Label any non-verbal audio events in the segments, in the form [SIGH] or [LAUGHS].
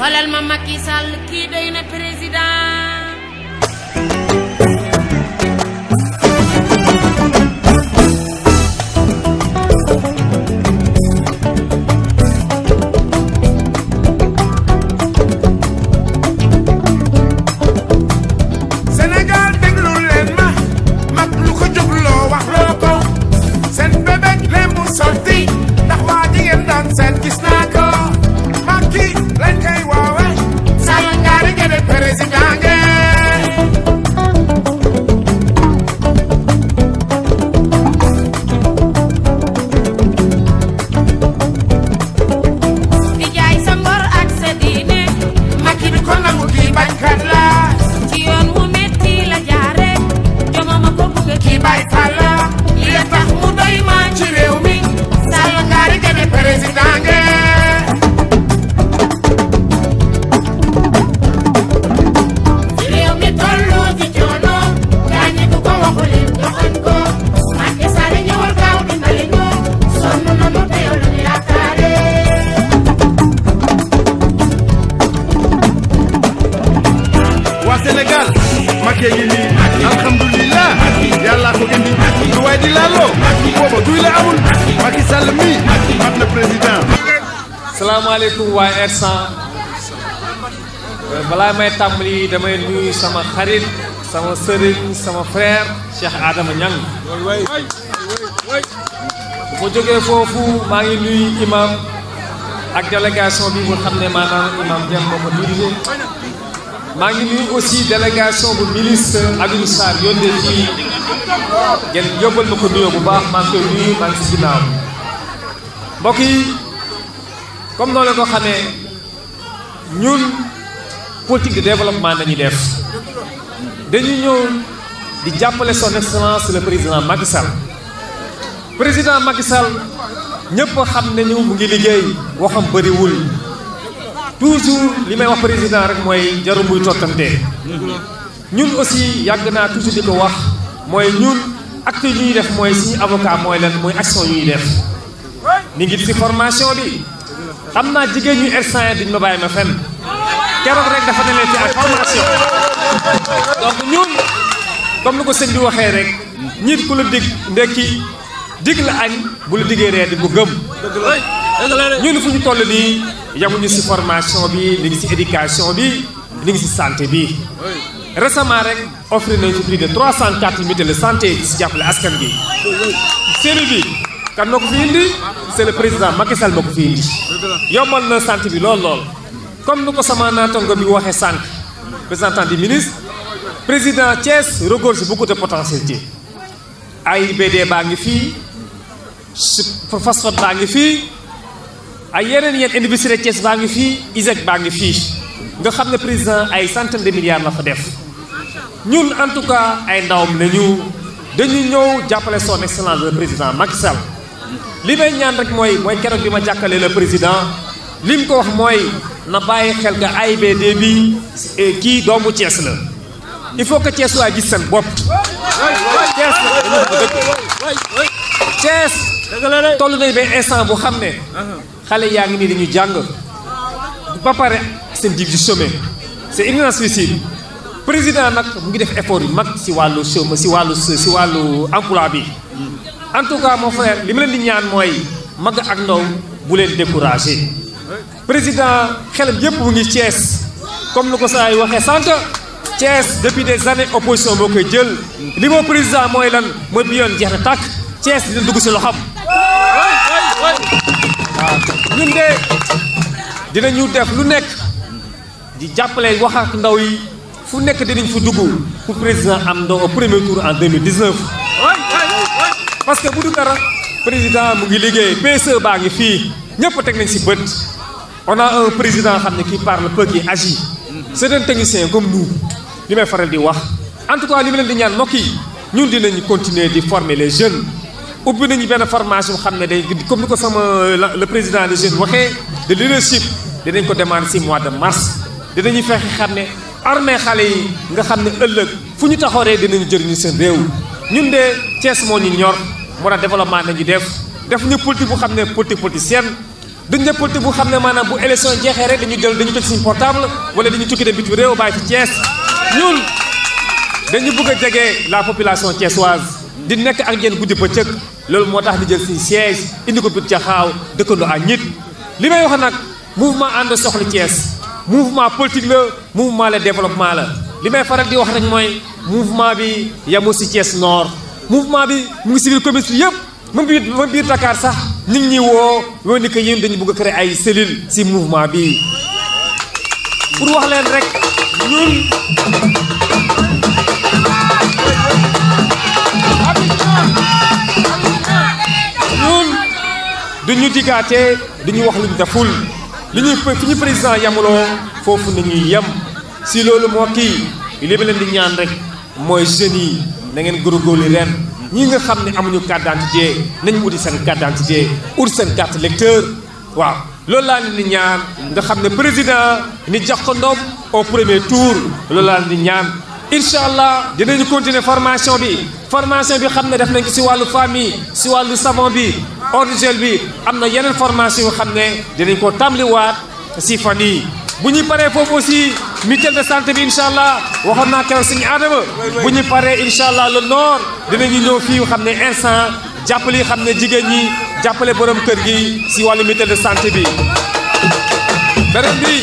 walal ma Macky Sall kii day na président Bazoum Macky Sall mi am na président may damay nuyu sama xarit sama sëriñ sama frère Cheikh Adam Niang bu ma jógee ngi nuyu imam ak délégation bi mu imam Dieng moo dirigé maa ngi nuyu aussi délégation bu ministre ngeen yóbbal ma ko nuyoo bu baax maa ngi koy nuyu maa ngi si ginnaaw mbokk yi comme noonu ko xamee ñun politique de développement nañu def dañu ñëw di jàppale son excellence le président Macky Sall président Macky Sall ñëpp xam nañu mu ngi liggéey waxam bëriwul toujours li may wax président rek mooy muy tottante ñun aussi yàgg naa toujours di ko wax mooy ñun acte yu ñuy def mooy suñu avocat mooy lan mooy action yu ñuy def ni ngi ci formation bi xam naa jigéen ñu instant duñ ma bàyyi ma fenn keroog rek dafa ne leen ci ay formation donc ñun comme ni ko sëñ bi waxee rek ñiit ku la dig ndekki dig la añ bu la diggee reer di bu gëm ñun fu ñu toll nii yamuñu ci formation bi li ngi ci éducation bi li ngi ci sant bi récemment rek offrir nañ ci prix de 304 mutuelles de santé yi si askan gi série bi kan moo fi indi c'est le président Macky Sall moo fi indi yomal na santé bi lol lol comme nuko ko sama naatango bi waxee sànq président, du ministre président Thiès regorge beaucoup de potentialité AIBD ba ngi fi phosphate ba ngi fi ay yeneen yeneen université Thiès ngi fi ISEC ba ngi fi nga xam ne président ay centaine de milliards la fa def ñun en tout cas ay ndawam la ñu dañu ñëw jàppale son excellence le président Macky Sall li may ñaan rek mooy mooy keroog bi ma le président lim ko wax mooy na bàyyi xel ga AIBD bi eh, kii doomu Thiès la il faut que Thiès waa gis seen bopp Thiès Thiès toll nañu ba instant bu xam ne xale yaa ngi nii dañu jàng ba pare seen dig du chômage c'est inadmissible président nag mu ngi def effort yu mag si wàllu chômage si wàllu si wàllu emploi bi en tout cas mon frère li ma leen di ñaan mooy mag ak ndaw bu leen découragé président xelam yëpp mu ngi Thiès comme ni ko saa yi waxee sànq Thiès depuis des années opposition boo koy jël li moo président mooy lan mooy bi yoon jeex na tàkk Thiès dina dugg si loxam waaw ñun de dinañu def lu nekk di jappalé wax ak ndaw yi fu nek dinañ fu duggu pour président am au premier tour en 2019 parce que bu dara président mu ngi liggéey PSE baa fi ñepp tek nañ ci beut on a un président xamné qui parle peu qui agit c'est un technicien comme nous limay faral di wax en tout cas li leen di ñaan mbokk yi ñun dinañ continuer di former les jeunes ubbi nañu benn formation xamné day comme ni ko sama le président des jeunes waxé de leadership dinañ ko demande si mois de mars dinañu fexe xam ne armée xale yi nga xam ne ëllëg fu ñu taxooree dinañu jëriñu seen réew ñun de Thiès moo ñu ñor moo tax développement nañu def def ñu politique bu xam ne politique politicienne duñ ne politique bu xam ne maanaam bu élection jeexee rek dañu jël dañu toj suñu portable wala dañu tukki dem bitim réew bàyyi ci Thiès ñun dañu bëgg a jege la population thiessoise di nekk ak yéen guddi bëccëg loolu moo tax di jël suñu siège indi ko biir jaxaaw dëkkandoo ak ñit li may wax nag mouvement ànd soxla Thiès mouvement politique la mouvement de développement la li may faral di wax rek mooy mouvement bi yamu si Thiès Nord mouvement bi mu ngi si biir commune bi yëpp même biir même biir Dakar sax nit ñi woo woo ni que dañu bugg a ay cellules si mouvement bi pour wax leen rek ñun. ñun duñu diggaate duñu wax luñ deful. li ñuy fi ñu président yamuloo foofu na ñuy yem si loolu moo kii li ma leen di ñaan rek mooy jeunes yi na ngeen góorgóorlu ren ñi nga xam ne amuñu carte d'identité nañu uti seen carte d'identité uti seen carte électeur waaw loolu laal ni di ñaan nga xam ne président ni jox ko ndoom au premier tour loolu laa leen di ñaan incha allah dinañu continuer formation bi formation bi xam ne def nañ ko si wàllu famille si wàllu savon bi audiovisuel bi am na yeneen formation yoo xam ne dinañ ko tàmbaliwaat si fan yi bu ñuy paree foofu aussi mutuelle de santé bi incha allah waxoon naa keroog suñu aadama bu ñu paree incha la le nord dinañu ñëw fii xam ne instant jàppale yi xam ne jigéen ñi jàppale borom kër gi si wàllu mutuelle de santé bi. beneen bi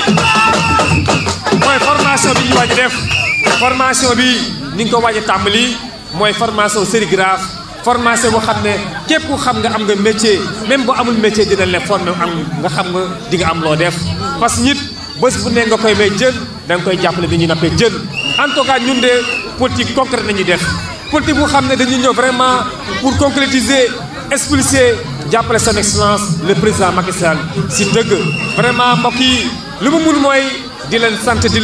mooy formation bi ñu waaj def formation bi ni nga ko waaj tàmbali mooy formation sérigraphe formation bo xamné képp xam métier même si amul métier la nga xam nga parce que nit bu nga koy may koy en tout cas politique politique vraiment pour concrétiser expulser jappalé son excellence le président Macky Sall si dëgg vraiment mbokk yi lu mu di di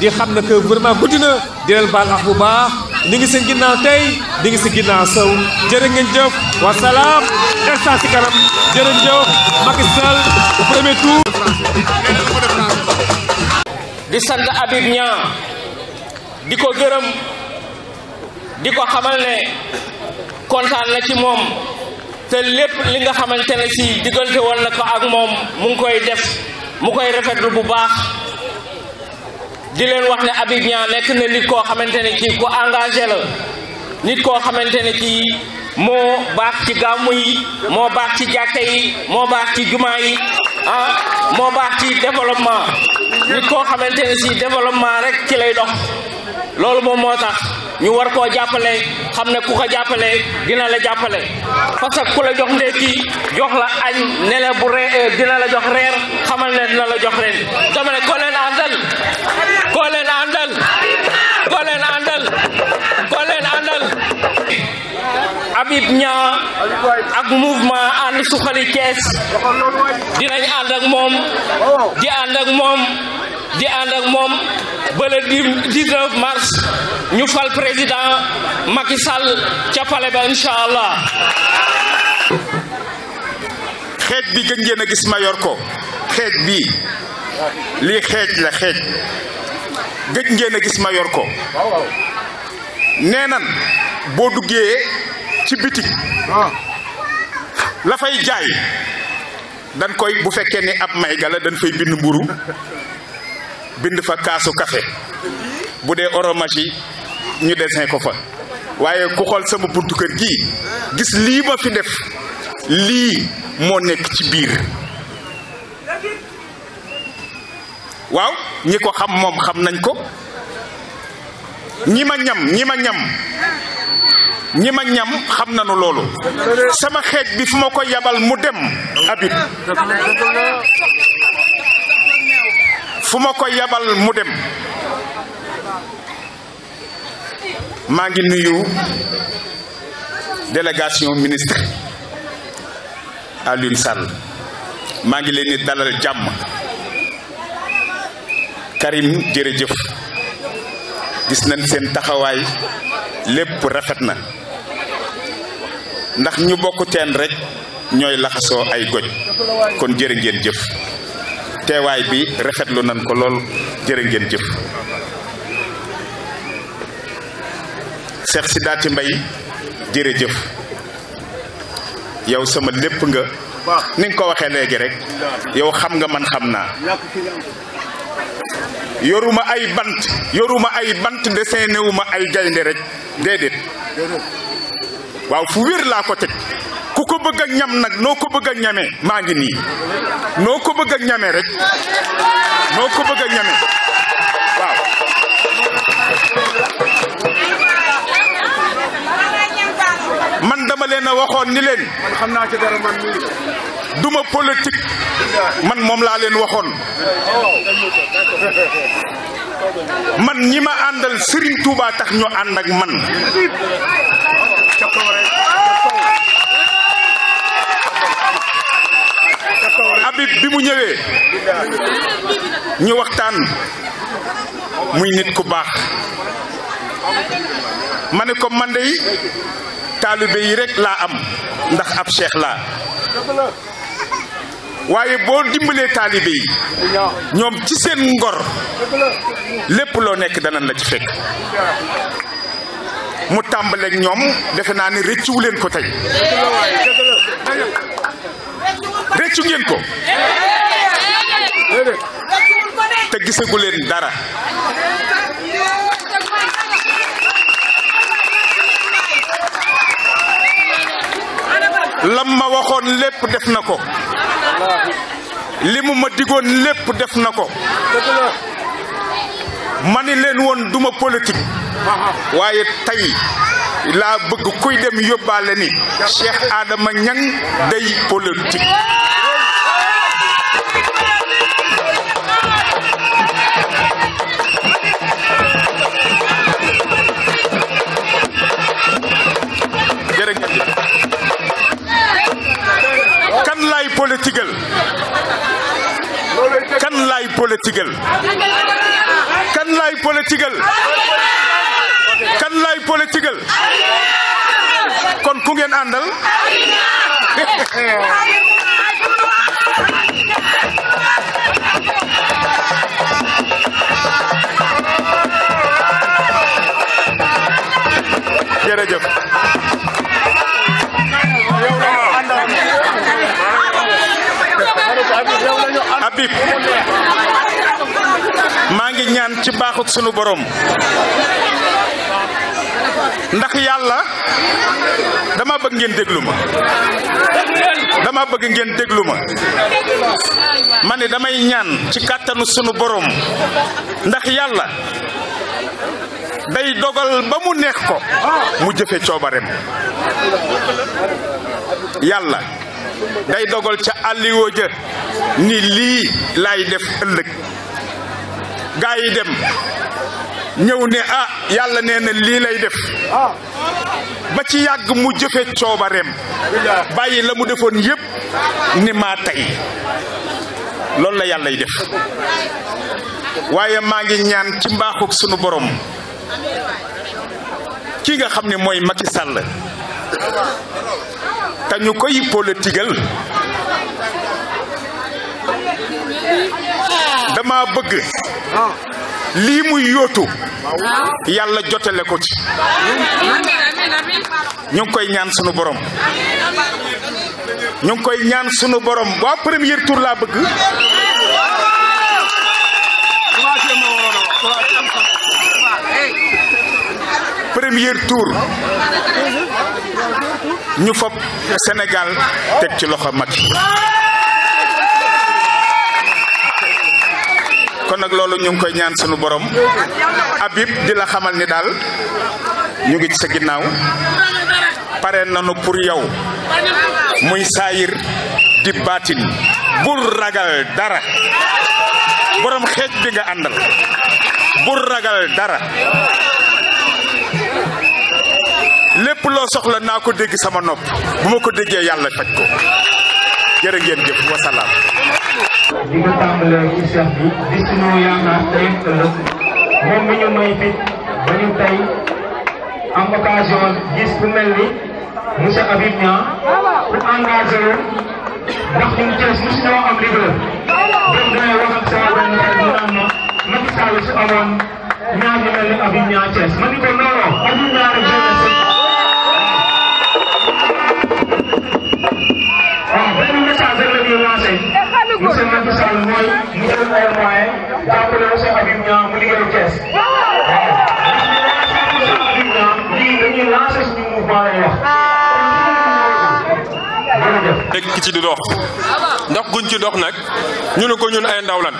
di que vraiment di ñu ngi seen ginnaaw tey ñu ngi seen ginnaaw sow jërë ngeen jëf wasalaam instant si kanam jërë jëf Macky Sall au premier tour di sant Habib Niang di ko gërëm di ko xamal ne kontaan na ci moom te lépp li nga xamante ne si diggante woon na ko ak moom mu ngi koy def mu koy rafetlu bu baax di leen wax ne Habib Niang nekk na nit koo xamante ne ci ku engagé la nit koo xamante ne ci moo baax ci gàmmu yi moo baax ci jàkka yi moo baax ci jumaa yi ah moo baax ci développement nit koo xamante ne si développement rek ci lay dox loolu moom moo tax ñu war koo jàppale xam ne ku ko jàppale dina la jàppale parce que ku la jox ndékki jox la añ ne bu ree dina la jox reer xamal ne dina la jox ren dama ko leen àndal koo leen àndal koo leen àndal koo leen àndal Habib Niang ak mouvement ànd suxali Thiès dinañ ànd moom di ànd moom di mars ñu fal président Macky ca palais ba incha allah. xeej bi gën a gis mayor ko xeej bi lii xeej la xeej. gëj ngeen a gis ma yor ko nee nan boo duggee ci bitig la fay jaay dañ koy bu fekkee ni ab may gala dañ fay bind mburu bind fa kaasu kafe bu dee oromage yi ñu desin ko fa waaye ku xol sama buntu kër gii gis lii ma fi def lii moo nekk ci biir waw ñi ko xam mom xam nañ ko ñima ñam ñima ñam ñima ñam xam nañu lolu sama xeej bi fuma ko yabal mu dem abib fuma ko yabal mu dem ma ngi nuyu délégation ministre l'une salle ma ngi leni dalal jamm Karim jërëjëf gis nañ seen taxawaay lépp rafet na ndax ñu bokk teen rek ñooy laxasoo ay goj kon jërë ngeen jëf teewaay bi rafetlu nañ ko lool jërë ngeen jëf Cheikh Sidaati Mbaye jërëjëf yow sama lépp nga ni nga ko waxee léegi rek yow xam nga man xam naa yoruma ay bant yoruma ay bant dessiné ma ay gaynde rek déedéet waaw fu wér laa ko teg ku ko bëgg a ñam nag noo ko bëgg a maa ngi nii noo ko bëgg a ñamee rek noo ko bëgg ñame ñamee waaw man dama leen a waxoon ni leen man naa ci duma politique man mom la len waxoon man ñima andal Serigne Touba tax ñu and ak man Habib bi mu ñewé ñu waxtaan muy nit ku baax mané ko man day talibé yi rek la am ndax ab cheikh la waaye boo dimbalee taalibe yi ñoom ci seen ngor lépp loo nekk danañ la ci fekk mu tàmbaleeg ñoom defe naa ne rëccuwu leen ko tey rëccu ko te gisagu leen dara lam ma waxoon lépp def na ko li ma ma digoon lépp def na ko ma ni leen woon duma politique waaye tey laa bëgg kuy dem yóbbaale ni Cheikh Adama Niang day politique politiqueel kan laay politiqueel kan laay politiqueel kan laay politiqueel kon ku ngeen àndal [LAUGHS] Habib maa ngi ñaan ci baxut sunu borom ndax yalla dama bëgg ngeen dégluma dama bëgg ngeen dégluma mané damay ñaan ci katanu suñu borom ndax yalla day dogal ba mu neex ko mu jëfé coobarem yalla day dogal ca àlliwoo ja ni lii lay def ëllëg gaa yi dem ñëw ne ah yàlla nee na lii lay def ba ci yàgg mu jëfe coobareem bàyyi la mu defoon yépp ni maa tey loolu la yàllay def waaye maa ngi ñaan ci mbaaxuk sunu borom ki nga xam ni mooy Macky Sall te ñu koy politigal dama bëgg lii muy yóotu yàlla jotale ko ci ñu koy ñaan sunu borom ñu koy ñaan sunu borom waa premier tour laa bëgg premier tour ñu fop Sénégal tek ci loxo mat kon nak lolu ñu koy ñaan suñu borom Habib di la xamal ni dal ñu ngi ci sa ginnaw pare nañu pour yow muy sayir di batin bur ragal dara borom xej bi nga andal bur ragal dara lépp loo soxla naa ko dégg sama nopp bu ma ko déggee yàlla faj ko jërë jëf wasalaam moom mi may fit ba ñu am occasion gis ku mel ni monsieur Habib Niang ku engagé wu ndax ñun Thiès mosu ñoo am leader dem damay wax ak sama benn xarit mu naan ma Macky Sall su amoon ñaar ñu mel ni Habib Niang mooy ñu jël ay moyens jàppale monsieur Habib Niang mu liggéeyu Thiès. lii dañuy lancer suñu mouvement lay wax. nekk ci di dox ndox guñ ci dox nag ñu ne ko ñun ay ndaw lan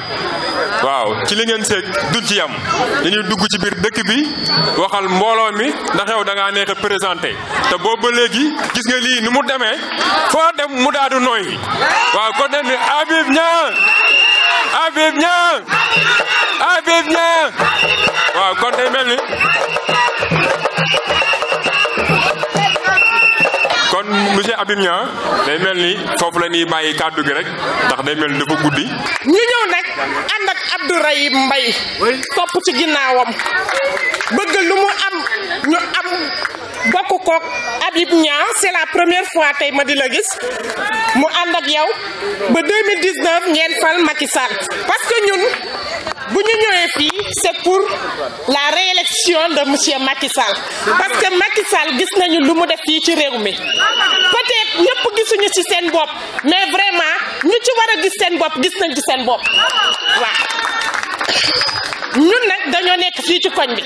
waaw ci li ngeen seeg duñ ci yam dañuy dugg ci biir dëkk bi waxal mbooloo mi ndax Habib Niang Habib Niang waaw kon day mel ni kon monsieur Habib Niang day mel ni foofu la bàyyi kàddu gi rek ndax day mel ni dafa guddi. ñi ñëw nag ànd ak Abdou Rahim topp ci ginnaawam bëgg lu mu am ñu am. bokk kook Habib Niang c'est la première fois tay ma di la gis mu and ak yow ba 2019 ngeen fal Macky Sall parce que ñun bu ñu ñëwee fi c'est pour la réélection de monsieur Macky Sall parce que Macky Sall gis nañu lu mu def fi ci réew mi peut-être ñëpp gisunu ci seen bop mais vraiment ñu ci wara gis seen bop gis nañ ci seen bop ñun nak dañu nekk fi ci koñ bi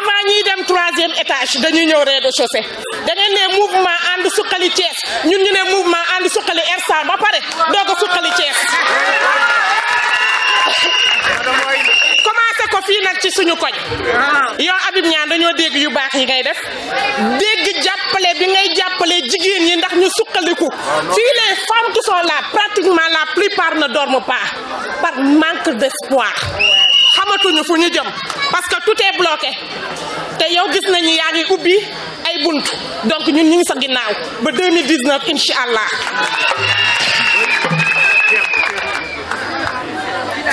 avant ñi dem troisième étage dañuy ñëw rez-de-chaussée da ngeen ne mouvement and suqali Thiès ñun ñu ne mouvement and suqali Hersent ba pare doog ko suqali Thiès commencé ko fii nag ci suñu koñ yow Habib Niang dañoo dégg yu baax yi ngay def dégg jàppale bi ngay jàppale jigéen ñi ndax ñu suqaliku fii les femmes qui sont là pratiquement la plupart ne dorment pas par manque d'espoir xamatuñu fu ñu jëm parce que tout te yow gis nañu yaa ngi ubbi ay bunt donc ñun ñu ngi sa ginnaaw ba 2019 incha allah.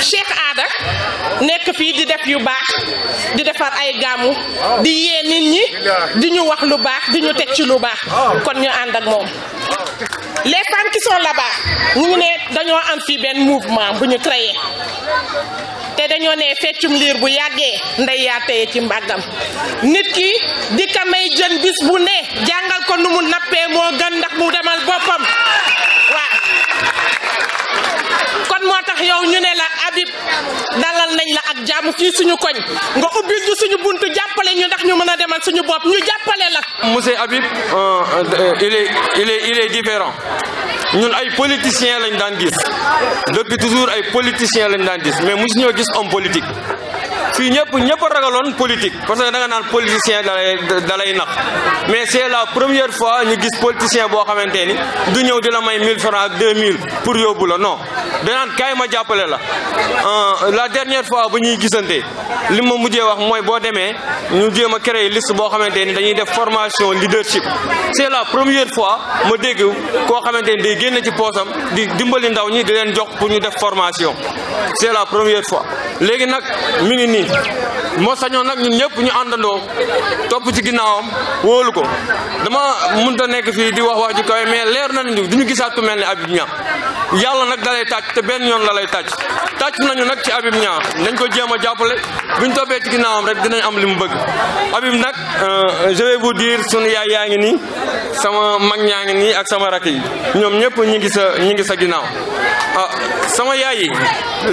Cheikh Aada nekk fii di def yu baax di defar ay gàmmu di yee nit ñi di ñu wax lu baax di ñu teg ci lu baax kon ñu ànd ak moom. les femmes qui sont là ne dañoo am fii benn mouvement bu ñu créé te dañoo ne feccum liir bu yàggee ndey yaa teye ci mbàggam nit ki di ka may jën bis bu ne jàngal ko nu mu nappee moo gën ndax mu demal boppam tax yow ñu ne la Habib dalal nañ la ak jàmm fii suñu koñ nga ubbil ñu suñu buntu jàppale ñu ndax ñu mën a demal suñu bopp ñu jàppale la. monsieur Habib euh, euh, il e il est il est différent ñun ay politiciens lañ daan gis depuis toujours ay politiciens lañ daan gis mais mosu ñoo gis homme politique. fii ñëpp ñëpp a politique parce que da nga naan politicien dalay dalay nax mais c'est la première fois ñu gis politicien boo xamante ni du ñëw di may 1000 francs 2000 pour yóbbu la non danaan kaay ma jàppale la euh, la dernière fois bu ñuy gisante li ma mujjee wax mooy boo demee ñu jéem a créer liste boo xamante ni dañuy def formation leadership c'est la première fois ma dégg koo xamante ni day génn ci poosam di dimbali ndaw ñi di leen jox pour ñu def formation c'est la première fois léegi nag mi ngi moo sañoon nag ñu ñëpp ñu àndandoo topp ci ginnaawam wóolu ko dama mënut a nekk fii di wax wax ju kawe mais leer na ñu du ñu gisaat ku mel ni Habib Niang yàlla nag dalay tàcc te benn yoon la lay tàcc tàcc nañu nag ci Habib Niang nañ ko jéem a jàppale bu buñ toppee ci ginnaawam rek dinañ am li mu bëgg Habib nag euh, je vais vous dire sunu yaay yaa ngi nii sama mag ñaa ngi nii ak sama rakk yi ñoom ñëpp ñi ngi sa ñi ngi sa ginnaaw ah, sama yaay yi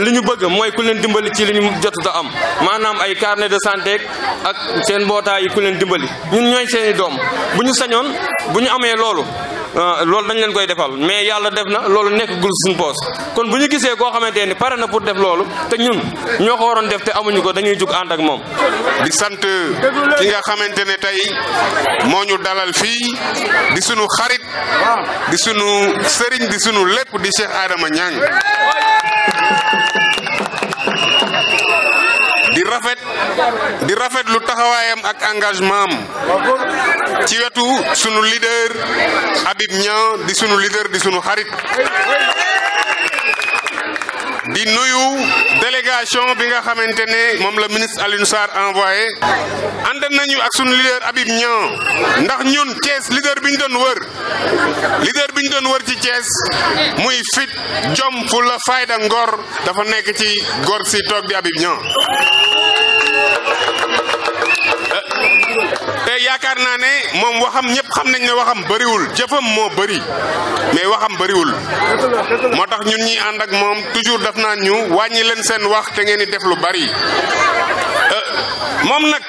li ñu bëgg mooy ku leen dimbali ci li ñu jotut a am maanaam ay carnet de santéeg ak seen mbootaay yi ku leen dimbali ñun ñooy seeni doom bu ñu sañoon bu ñu amee loolu Euh, loolu dañ leen koy defal mais yàlla def na loolu nekk gul suñ poos kon bu ñu gisee koo xamante ni pare na pour def loolu te ñun ñoo ko waroon def te amuñu ko dañuy jug ànd ak moom. di sant ki nga xamante ne tey moo ñu dalal fii di sunu xarit di suñu sëriñ di sunu lépp di Cheikh Adama Niang. rafet di rafet lu taxawaayam ak engagement am ci wetu sunu lider Habib Niang di sunu leader di sunu xarit di nuyu délégation bi nga xamante ne moom la ministre aline Sarr envoyé ànd nañu ak suñu leader Habib Niang ndax ñun Thiès leader bi ñu doon wër leader bi ñu doon wër ci Thiès muy fit jom fu la fayda ngor dafa nekk ci gor si toog di Habib Niang te yaakaar naa ne moom waxam ñëpp xam nañ ne waxam bariwul jëfam moo bëri mais waxam bariwul moo tax ñun ñi ànd ak moom toujours daf naa ñu wàññi leen seen wax te ngeen di def lu bari euh, moom nag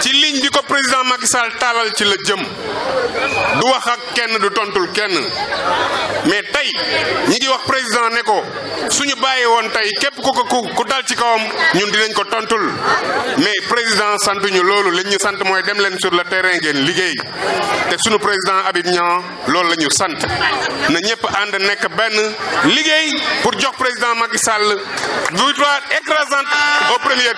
ci ligne bi ko président Macky Sall taalal ci la jëm du wax ak kenn du tontul kenn mais tey ñi ngi wax président ne ko suñu bàyyi woon tey képp ku ko ku dal ci kawam ñun dinañ ko tontul mais président santuñu loolu liñ ñu sant mooy dem leen sur le terrain ngeen liggéey te suñu président Habib Niang loolu la ñu sant na ñëpp ànd nekk benn liggéey pour jox président Macky Sall victoire écrasante au premier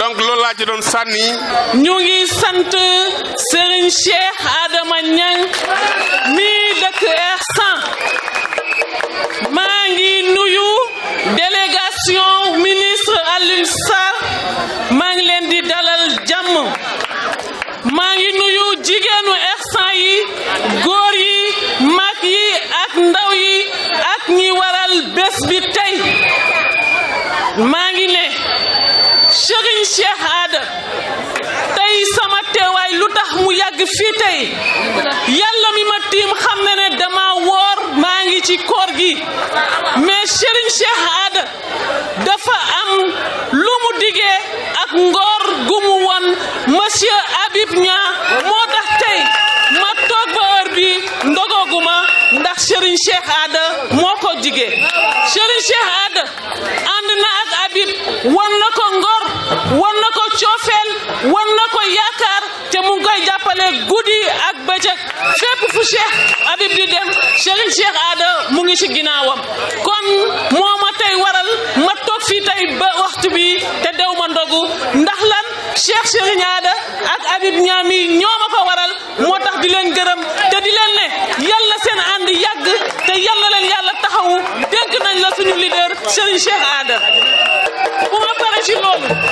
donc loolu la ci don sanni ñu ngi sante Serigne Cheikh Adama Niang mi dekk Ersan ma ngi nuyu délégation ministre Alioune sa ma ngi len di dalal jamm Mangi ngi nuyu jigenu Ersan yi go fii tey yàlla mi ma tiim xam na dama woor maa ngi ci koor gi mais Serigne Cheikh bëccëg fépp fu Cheikh Habib di dem Serigne Cheikh Aada mu ngi ci ginnaawam kon moo ma tey waral ma toog fii tey ba waxtu bi te dew ma ndogu ndax lan Cheikh Serigne Aada ak Habib ñaami ñoo ma ko waral moo tax di leen gërëm te di leen ne yàlla seen ànd yàgg te yàlla leen yàlla taxawu dénk nañ la suñu leader Serigne Cheikh Aada bu ma pare ci loolu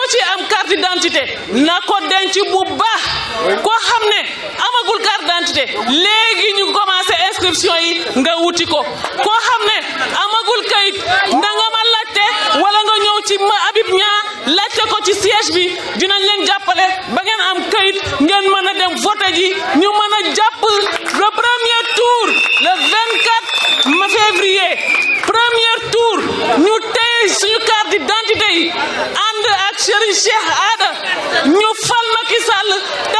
ci am carte d'identité na ko denc bu baax koo xam ne amagul carte d'identité léegi ñu commencé inscription yi nga wuti ko koo xam ne amagul kayit na nga ma laajte wala nga ñëw ci ma Habib ñaa laajte ko ci siège bi dinañ leen jàppale ba ngeen am kayit ngeen mën a dem vote ji ñu mën a jàpp le premier tour le 24 février premier tour ñu tey suñu carte d'identité yi Serigne Cheikh Aada ñu fal Macky Sall